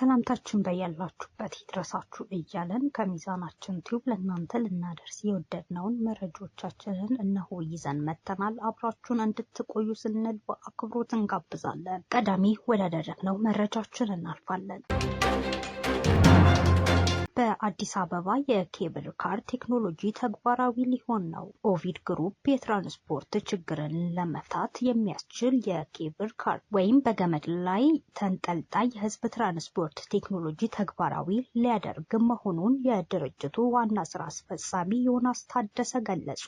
ሰላምታችን በያላችሁበት ይድረሳችሁ እያለን ከሚዛናችን ቲዩብ ለእናንተ ልናደርስ የወደድነውን መረጃዎቻችንን እነሆ ይዘን መጥተናል። አብራችሁን እንድትቆዩ ስንል በአክብሮት እንጋብዛለን። ቀዳሚ ወዳደረግነው መረጃችን እናልፋለን። በአዲስ አበባ የኬብል ካር ቴክኖሎጂ ተግባራዊ ሊሆን ነው። ኦቪድ ግሩፕ የትራንስፖርት ችግርን ለመፍታት የሚያስችል የኬብል ካር ወይም በገመድ ላይ ተንጠልጣይ የህዝብ ትራንስፖርት ቴክኖሎጂ ተግባራዊ ሊያደርግ መሆኑን የድርጅቱ ዋና ስራ አስፈጻሚ ዮናስ ታደሰ ገለጹ።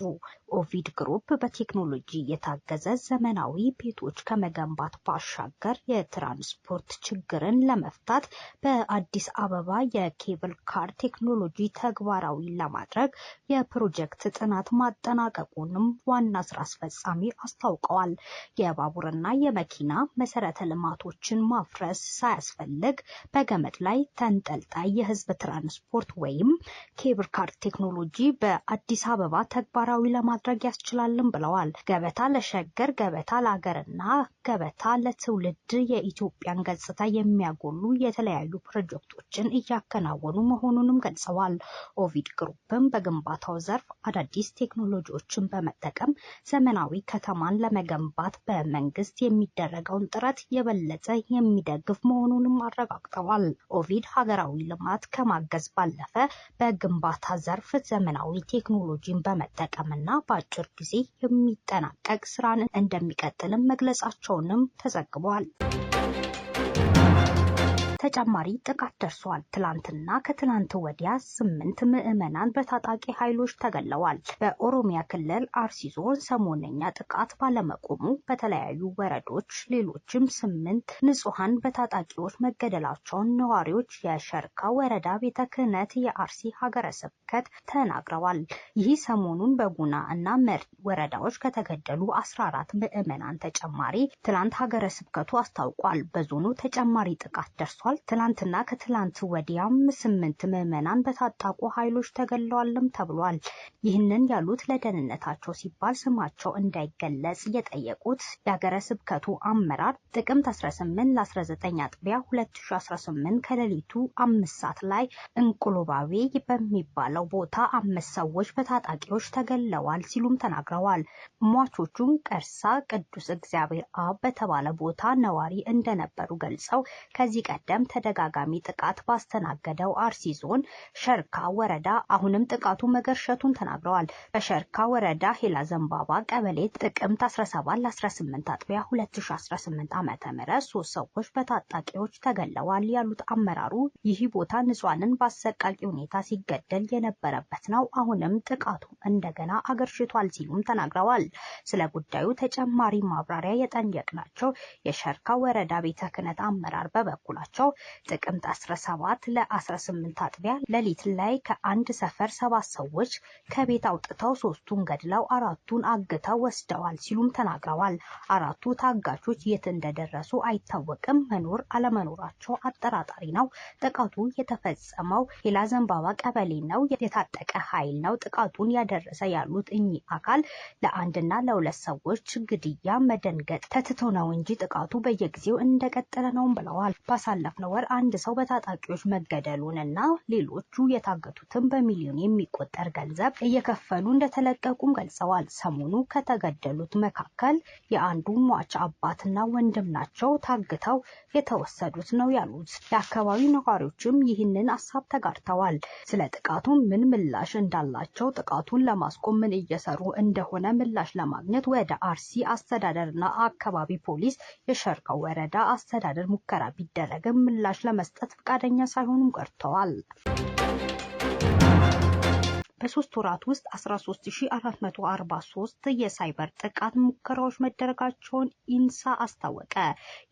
ኦቪድ ግሩፕ በቴክኖሎጂ የታገዘ ዘመናዊ ቤቶች ከመገንባት ባሻገር የትራንስፖርት ችግርን ለመፍታት በአዲስ አበባ የኬብል ካር ጋር ቴክኖሎጂ ተግባራዊ ለማድረግ የፕሮጀክት ጥናት ማጠናቀቁንም ዋና ስራ አስፈጻሚ አስታውቀዋል። የባቡርና የመኪና መሰረተ ልማቶችን ማፍረስ ሳያስፈልግ በገመድ ላይ ተንጠልጣይ የህዝብ ትራንስፖርት ወይም ኬብር ካር ቴክኖሎጂ በአዲስ አበባ ተግባራዊ ለማድረግ ያስችላልን ብለዋል። ገበታ ለሸገር፣ ገበታ ለሀገርና ገበታ ለትውልድ የኢትዮጵያን ገጽታ የሚያጎሉ የተለያዩ ፕሮጀክቶችን እያከናወኑ መሆ መሆኑንም ገልጸዋል። ኦቪድ ግሩፕም በግንባታው ዘርፍ አዳዲስ ቴክኖሎጂዎችን በመጠቀም ዘመናዊ ከተማን ለመገንባት በመንግስት የሚደረገውን ጥረት የበለጠ የሚደግፍ መሆኑንም አረጋግጠዋል። ኦቪድ ሀገራዊ ልማት ከማገዝ ባለፈ በግንባታ ዘርፍ ዘመናዊ ቴክኖሎጂን በመጠቀምና በአጭር ጊዜ የሚጠናቀቅ ስራን እንደሚቀጥልም መግለጻቸውንም ተዘግቧል። ተጨማሪ ጥቃት ደርሷል። ትላንትና ከትላንት ወዲያ ስምንት ምዕመናን በታጣቂ ኃይሎች ተገለዋል። በኦሮሚያ ክልል አርሲ ዞን ሰሞነኛ ጥቃት ባለመቆሙ በተለያዩ ወረዶች ሌሎችም ስምንት ንጹሐን በታጣቂዎች መገደላቸውን ነዋሪዎች የሸርካ ወረዳ ቤተ ክህነት የአርሲ ሀገረ ስብከት ተናግረዋል። ይህ ሰሞኑን በጉና እና መሪ ወረዳዎች ከተገደሉ 14 ምዕመናን ተጨማሪ ትላንት ሀገረ ስብከቱ አስታውቋል። በዞኑ ተጨማሪ ጥቃት ደርሷል ተገድለዋል። ትላንትና ከትላንት ወዲያም ስምንት ምዕመናን በታጣቁ ኃይሎች ተገለዋልም ተብሏል። ይህንን ያሉት ለደህንነታቸው ሲባል ስማቸው እንዳይገለጽ የጠየቁት የሀገረ ስብከቱ አመራር ጥቅምት 18 ለ19 አጥቢያ 2018 ከሌሊቱ አምስት ሰዓት ላይ እንቁሎባቤ በሚባለው ቦታ አምስት ሰዎች በታጣቂዎች ተገለዋል ሲሉም ተናግረዋል። ሟቾቹም ቀርሳ ቅዱስ እግዚአብሔር አብ በተባለ ቦታ ነዋሪ እንደነበሩ ገልጸው ከዚህ ቀደም ቀደም ተደጋጋሚ ጥቃት ባስተናገደው አርሲ ዞን ሸርካ ወረዳ አሁንም ጥቃቱ መገርሸቱን ተናግረዋል። በሸርካ ወረዳ ሄላ ዘንባባ ቀበሌ ጥቅምት 17 18 አጥቢያ 2018 ዓ ም ሶስት ሰዎች በታጣቂዎች ተገለዋል ያሉት አመራሩ ይህ ቦታ ንጹሐንን በአሰቃቂ ሁኔታ ሲገደል የነበረበት ነው። አሁንም ጥቃቱ እንደገና አገርሽቷል ሲሉም ተናግረዋል። ስለ ጉዳዩ ተጨማሪ ማብራሪያ የጠየቅናቸው የሸርካ ወረዳ ቤተ ክህነት አመራር በበኩላቸው ጥቅምት 17 ለ18 አጥቢያ ሌሊት ላይ ከአንድ ሰፈር ሰባት ሰዎች ከቤት አውጥተው ሶስቱን ገድለው አራቱን አግተው ወስደዋል ሲሉም ተናግረዋል። አራቱ ታጋቾች የት እንደደረሱ አይታወቅም። መኖር አለመኖራቸው አጠራጣሪ ነው። ጥቃቱ የተፈጸመው ዘንባባ ቀበሌ ነው። የታጠቀ ኃይል ነው ጥቃቱን ያደረሰ ያሉት እኚህ አካል ለአንድና ለሁለት ሰዎች ግድያ መደንገጥ ተትቶ ነው እንጂ ጥቃቱ በየጊዜው እንደቀጠለ ነው ብለዋል። ባሳለፍ በያዝነው ወር አንድ ሰው በታጣቂዎች መገደሉን እና ሌሎቹ የታገቱትን በሚሊዮን የሚቆጠር ገንዘብ እየከፈሉ እንደተለቀቁም ገልጸዋል። ሰሞኑ ከተገደሉት መካከል የአንዱ ሟች አባትና ወንድም ናቸው ታግተው የተወሰዱት ነው ያሉት። የአካባቢ ነዋሪዎችም ይህንን ሀሳብ ተጋርተዋል። ስለ ጥቃቱ ምን ምላሽ እንዳላቸው፣ ጥቃቱን ለማስቆም ምን እየሰሩ እንደሆነ ምላሽ ለማግኘት ወደ አርሲ አስተዳደርና አካባቢ ፖሊስ የሸርካው ወረዳ አስተዳደር ሙከራ ቢደረግም ምላሽ ለመስጠት ፈቃደኛ ሳይሆኑም ቀርተዋል። በሶስት ወራት ውስጥ 13443 የሳይበር ጥቃት ሙከራዎች መደረጋቸውን ኢንሳ አስታወቀ።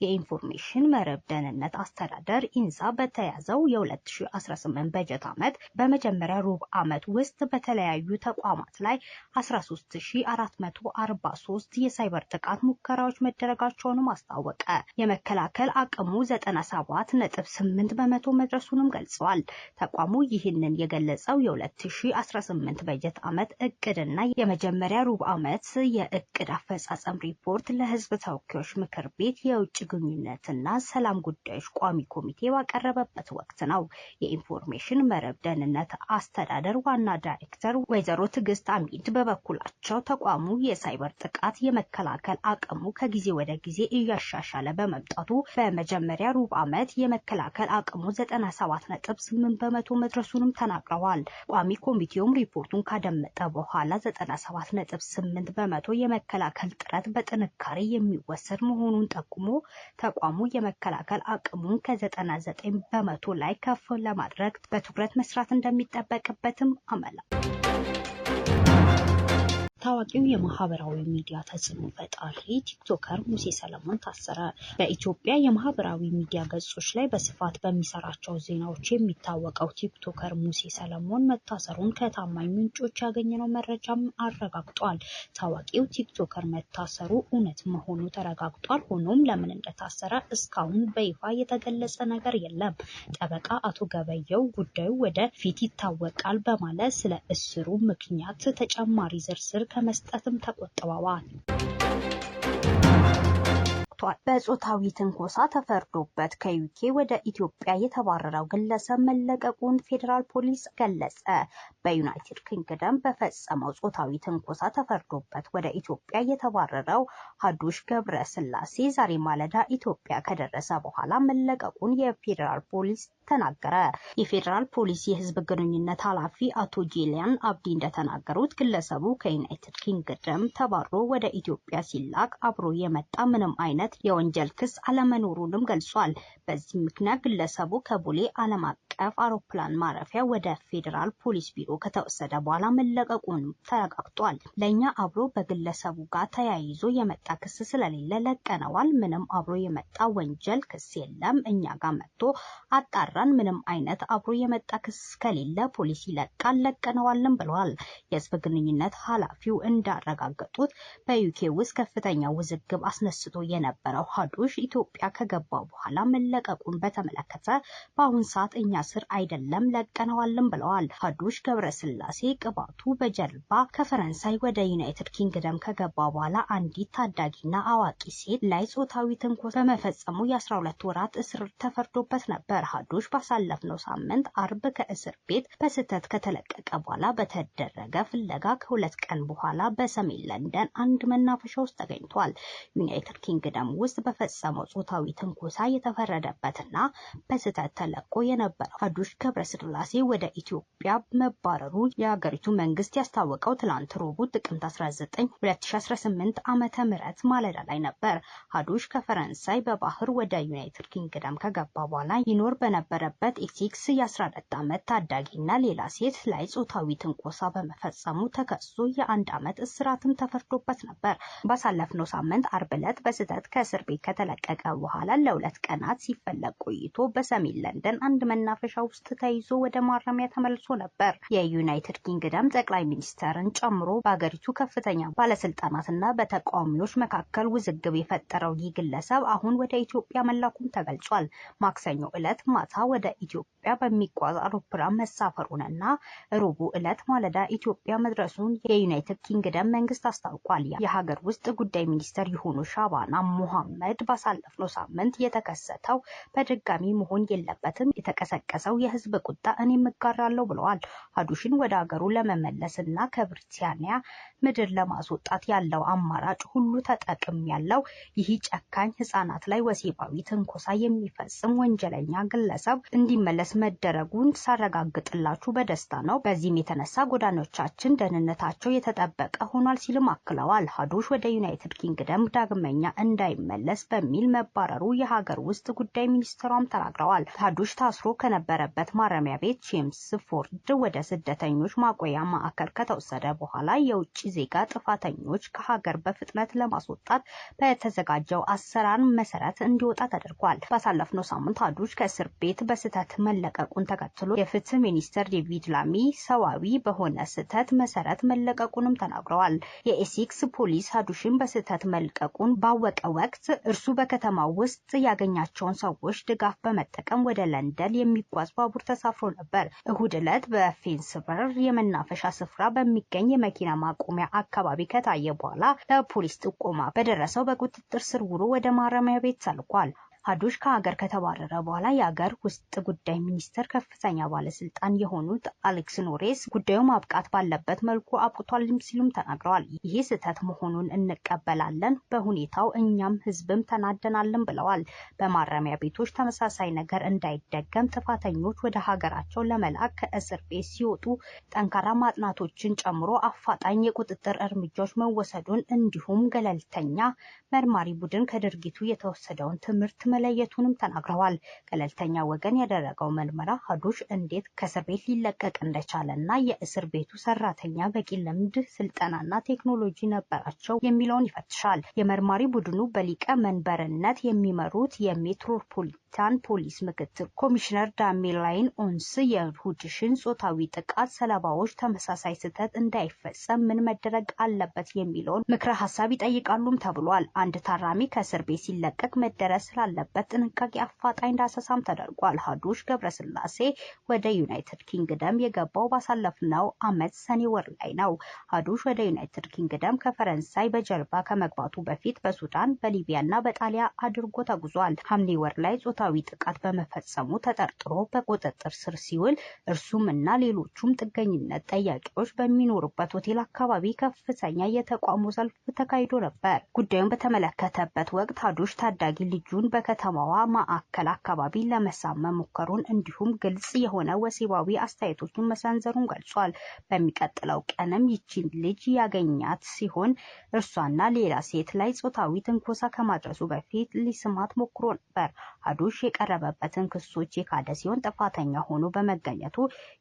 የኢንፎርሜሽን መረብ ደህንነት አስተዳደር ኢንሳ በተያዘው የ2018 በጀት ዓመት በመጀመሪያ ሩብ ዓመት ውስጥ በተለያዩ ተቋማት ላይ 13443 የሳይበር ጥቃት ሙከራዎች መደረጋቸውንም አስታወቀ። የመከላከል አቅሙ 97.8 በመቶ መድረሱንም ገልጸዋል። ተቋሙ ይህንን የገለጸው የ2018 የ2018 በጀት ዓመት እቅድና የመጀመሪያ ሩብ ዓመት የእቅድ አፈጻጸም ሪፖርት ለሕዝብ ተወካዮች ምክር ቤት የውጭ ግንኙነትና ሰላም ጉዳዮች ቋሚ ኮሚቴ ባቀረበበት ወቅት ነው። የኢንፎርሜሽን መረብ ደህንነት አስተዳደር ዋና ዳይሬክተር ወይዘሮ ትዕግስት አሚድ በበኩላቸው ተቋሙ የሳይበር ጥቃት የመከላከል አቅሙ ከጊዜ ወደ ጊዜ እያሻሻለ በመምጣቱ በመጀመሪያ ሩብ ዓመት የመከላከል አቅሙ 97.8 በመቶ መድረሱንም ተናግረዋል። ቋሚ ኮሚቴው ሆኖም ሪፖርቱን ካደመጠ በኋላ 97.8 በመቶ የመከላከል ጥረት በጥንካሬ የሚወሰድ መሆኑን ጠቁሞ ተቋሙ የመከላከል አቅሙን ከ99 በመቶ ላይ ከፍ ለማድረግ በትኩረት መስራት እንደሚጠበቅበትም አመላክቷል። ታዋቂው የማህበራዊ ሚዲያ ተጽዕኖ ፈጣሪ ቲክቶከር ሙሴ ሰለሞን ታሰረ። በኢትዮጵያ የማህበራዊ ሚዲያ ገጾች ላይ በስፋት በሚሰራቸው ዜናዎች የሚታወቀው ቲክቶከር ሙሴ ሰለሞን መታሰሩን ከታማኝ ምንጮች ያገኘነው መረጃም አረጋግጧል። ታዋቂው ቲክቶከር መታሰሩ እውነት መሆኑ ተረጋግጧል። ሆኖም ለምን እንደታሰረ እስካሁን በይፋ የተገለጸ ነገር የለም። ጠበቃ አቶ ገበየው ጉዳዩ ወደ ፊት ይታወቃል በማለት ስለ እስሩ ምክንያት ተጨማሪ ዝርዝር ከመስጠትም ተቆጥበዋል። በጾታዊ ትንኮሳ ተፈርዶበት ከዩኬ ወደ ኢትዮጵያ የተባረረው ግለሰብ መለቀቁን ፌዴራል ፖሊስ ገለጸ። በዩናይትድ ኪንግደም በፈጸመው ጾታዊ ትንኮሳ ተፈርዶበት ወደ ኢትዮጵያ የተባረረው ሀዱሽ ገብረ ስላሴ ዛሬ ማለዳ ኢትዮጵያ ከደረሰ በኋላ መለቀቁን የፌዴራል ፖሊስ ተናገረ። የፌዴራል ፖሊስ የህዝብ ግንኙነት ኃላፊ አቶ ጄሊያን አብዲ እንደተናገሩት ግለሰቡ ከዩናይትድ ኪንግደም ተባሮ ወደ ኢትዮጵያ ሲላክ አብሮ የመጣ ምንም አይነት የወንጀል ክስ አለመኖሩንም ገልጿል። በዚህ ምክንያት ግለሰቡ ከቦሌ ዓለም አቀፍ አውሮፕላን ማረፊያ ወደ ፌዴራል ፖሊስ ቢሮ ከተወሰደ በኋላ መለቀቁን ተረጋግጧል። ለእኛ አብሮ በግለሰቡ ጋር ተያይዞ የመጣ ክስ ስለሌለ ለቀነዋል። ምንም አብሮ የመጣ ወንጀል ክስ የለም። እኛ ጋር መጥቶ አጣራን። ምንም አይነት አብሮ የመጣ ክስ ከሌለ ፖሊስ ይለቃል። ለቀነዋልን ብለዋል። የህዝብ ግንኙነት ኃላፊው እንዳረጋገጡት በዩኬ ውስጥ ከፍተኛ ውዝግብ አስነስቶ የነበረው ሀዱሽ ኢትዮጵያ ከገባ በኋላ መለቀቁን በተመለከተ በአሁን ሰዓት እኛ ስር አይደለም ለቀነዋልም ብለዋል። ሀዱሽ ገብረስላሴ ቅባቱ በጀልባ ከፈረንሳይ ወደ ዩናይትድ ኪንግደም ከገባ በኋላ አንዲት ታዳጊና አዋቂ ሴት ላይ ጾታዊ ትንኮሳ በመፈጸሙ የ12 ወራት እስር ተፈርዶበት ነበር። ሀዱሽ ባሳለፍነው ሳምንት አርብ ከእስር ቤት በስህተት ከተለቀቀ በኋላ በተደረገ ፍለጋ ከሁለት ቀን በኋላ በሰሜን ለንደን አንድ መናፈሻ ውስጥ ተገኝቷል። ዩናይትድ ኪንግደም ውስጥ በፈጸመው ጾታዊ ትንኮሳ የተፈረደበትና በስህተት ተለቆ የነበረ ሀዱሽ ገብረስላሴ ወደ ኢትዮጵያ መባረሩ የሀገሪቱ መንግስት ያስታወቀው ትላንት ረቡዕ ጥቅምት 19 2018 ዓመተ ምህረት ማለዳ ላይ ነበር። ሀዱሽ ከፈረንሳይ በባህር ወደ ዩናይትድ ኪንግደም ከገባ በኋላ ይኖር በነበረበት ኤሴክስ የ14 ዓመት ታዳጊና ሌላ ሴት ላይ ጾታዊ ትንኮሳ በመፈጸሙ ተከሶ የአንድ ዓመት እስራትም ተፈርዶበት ነበር። ባሳለፍነው ሳምንት አርብ ዕለት በስህተት ከእስር ቤት ከተለቀቀ በኋላ ለሁለት ቀናት ሲፈለግ ቆይቶ በሰሜን ለንደን አንድ መናፈ መናፈሻ ውስጥ ተይዞ ወደ ማረሚያ ተመልሶ ነበር። የዩናይትድ ኪንግደም ጠቅላይ ሚኒስተርን ጨምሮ በአገሪቱ ከፍተኛ ባለስልጣናትና በተቃዋሚዎች መካከል ውዝግብ የፈጠረው ይህ ግለሰብ አሁን ወደ ኢትዮጵያ መላኩም ተገልጿል። ማክሰኞ ዕለት ማታ ወደ ኢትዮጵያ በሚጓዝ አውሮፕላን መሳፈሩንና ረቡዕ ዕለት ማለዳ ኢትዮጵያ መድረሱን የዩናይትድ ኪንግደም መንግስት አስታውቋል። የሀገር ውስጥ ጉዳይ ሚኒስተር የሆኑ ሻባና ሙሐመድ ባሳለፍነው ሳምንት የተከሰተው በድጋሚ መሆን የለበትም የተቀሰቀ የቀሰቀሰው የህዝብ ቁጣ እኔም እጋራለሁ ብለዋል። ሀዱሽን ወደ አገሩ ለመመለስ እና ከብሪታንያ ምድር ለማስወጣት ያለው አማራጭ ሁሉ ተጠቅም ያለው ይህ ጨካኝ ህጻናት ላይ ወሲባዊ ትንኮሳ የሚፈጽም ወንጀለኛ ግለሰብ እንዲመለስ መደረጉን ሳረጋግጥላችሁ በደስታ ነው። በዚህም የተነሳ ጎዳኖቻችን ደህንነታቸው የተጠበቀ ሆኗል ሲልም አክለዋል። ሀዱሽ ወደ ዩናይትድ ኪንግደም ዳግመኛ እንዳይመለስ በሚል መባረሩ የሀገር ውስጥ ጉዳይ ሚኒስትሯም ተናግረዋል። ሀዱሽ ታስሮ ከነ ከነበረበት ማረሚያ ቤት ጄምስ ፎርድ ወደ ስደተኞች ማቆያ ማዕከል ከተወሰደ በኋላ የውጭ ዜጋ ጥፋተኞች ከሀገር በፍጥነት ለማስወጣት በተዘጋጀው አሰራር መሰረት እንዲወጣ ተደርጓል። ባሳለፍነው ሳምንት አዱች ከእስር ቤት በስህተት መለቀቁን ተከትሎ የፍትህ ሚኒስትር ዴቪድ ላሚ ሰዋዊ በሆነ ስህተት መሰረት መለቀቁንም ተናግረዋል። የኤሴክስ ፖሊስ አዱሽን በስህተት መልቀቁን ባወቀ ወቅት እርሱ በከተማው ውስጥ ያገኛቸውን ሰዎች ድጋፍ በመጠቀም ወደ ለንደን የሚ የሚጓዝ ባቡር ተሳፍሮ ነበር። እሁድ ዕለት በፌንስ በር የመናፈሻ ስፍራ በሚገኝ የመኪና ማቆሚያ አካባቢ ከታየ በኋላ ለፖሊስ ጥቆማ በደረሰው በቁጥጥር ስር ውሎ ወደ ማረሚያ ቤት ተልኳል። ሀዱሽ ከሀገር ከተባረረ በኋላ የሀገር ውስጥ ጉዳይ ሚኒስቴር ከፍተኛ ባለስልጣን የሆኑት አሌክስ ኖሬስ ጉዳዩ ማብቃት ባለበት መልኩ አብቅቷልም ሲሉም ተናግረዋል። ይሄ ስህተት መሆኑን እንቀበላለን፣ በሁኔታው እኛም ህዝብም ተናደናልን ብለዋል። በማረሚያ ቤቶች ተመሳሳይ ነገር እንዳይደገም ጥፋተኞች ወደ ሀገራቸው ለመላክ ከእስር ቤት ሲወጡ ጠንካራ ማጥናቶችን ጨምሮ አፋጣኝ የቁጥጥር እርምጃዎች መወሰዱን እንዲሁም ገለልተኛ መርማሪ ቡድን ከድርጊቱ የተወሰደውን ትምህርት መለየቱንም ተናግረዋል። ገለልተኛ ወገን ያደረገው ምርመራ ሀዱሽ እንዴት ከእስር ቤት ሊለቀቅ እንደቻለ እና የእስር ቤቱ ሰራተኛ በቂ ልምድ፣ ስልጠናና ቴክኖሎጂ ነበራቸው የሚለውን ይፈትሻል። የመርማሪ ቡድኑ በሊቀ መንበርነት የሚመሩት የሜትሮፖሊት የኢታን ፖሊስ ምክትል ኮሚሽነር ዳሜላይን ኦንስ የሁድሽን ጾታዊ ጥቃት ሰለባዎች ተመሳሳይ ስህተት እንዳይፈጸም ምን መደረግ አለበት የሚለውን ምክረ ሀሳብ ይጠይቃሉም ተብሏል። አንድ ታራሚ ከእስር ቤት ሲለቀቅ መደረስ ስላለበት ጥንቃቄ አፋጣኝ ዳሰሳም ተደርጓል። ሀዱሽ ገብረስላሴ ወደ ዩናይትድ ኪንግደም የገባው ባሳለፍነው አመት ሰኔ ወር ላይ ነው። ሀዱሽ ወደ ዩናይትድ ኪንግደም ከፈረንሳይ በጀልባ ከመግባቱ በፊት በሱዳን በሊቢያና በጣሊያ አድርጎ ተጉዟል። ሐምሌ ወር ላይ ጾታ ጾታዊ ጥቃት በመፈጸሙ ተጠርጥሮ በቁጥጥር ስር ሲውል እርሱም እና ሌሎቹም ጥገኝነት ጠያቂዎች በሚኖሩበት ሆቴል አካባቢ ከፍተኛ የተቃውሞ ሰልፍ ተካሂዶ ነበር። ጉዳዩን በተመለከተበት ወቅት አዶሽ ታዳጊ ልጁን በከተማዋ ማዕከል አካባቢ ለመሳብ መሞከሩን እንዲሁም ግልጽ የሆነ ወሲባዊ አስተያየቶችን መሰንዘሩን ገልጿል። በሚቀጥለው ቀንም ይቺን ልጅ ያገኛት ሲሆን እርሷና ሌላ ሴት ላይ ጾታዊ ትንኮሳ ከማድረሱ በፊት ሊስማት ሞክሮ ነበር። ሺ የቀረበበትን ክሶች የካደ ሲሆን ጥፋተኛ ሆኖ በመገኘቱ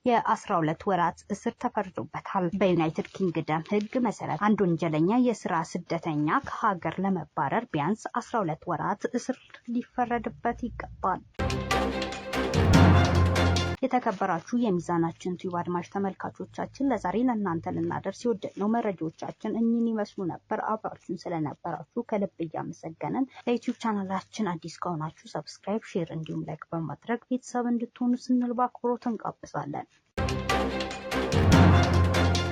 የ12 ወራት እስር ተፈርዶበታል። በዩናይትድ ኪንግደም ህግ መሰረት አንድ ወንጀለኛ የስራ ስደተኛ ከሀገር ለመባረር ቢያንስ 12 ወራት እስር ሊፈረድበት ይገባል። የተከበራችሁ የሚዛናችን ቲዩብ አድማጭ ተመልካቾቻችን ለዛሬ ለእናንተ ልናደርስ የወደድነው መረጃዎቻችን እኚህን ይመስሉ ነበር። አብራችሁን ስለነበራችሁ ከልብ እያመሰገንን ለዩቲዩብ ቻናላችን አዲስ ከሆናችሁ ሰብስክራይብ፣ ሼር እንዲሁም ላይክ በማድረግ ቤተሰብ እንድትሆኑ ስንል በአክብሮት እንጋብዛለን።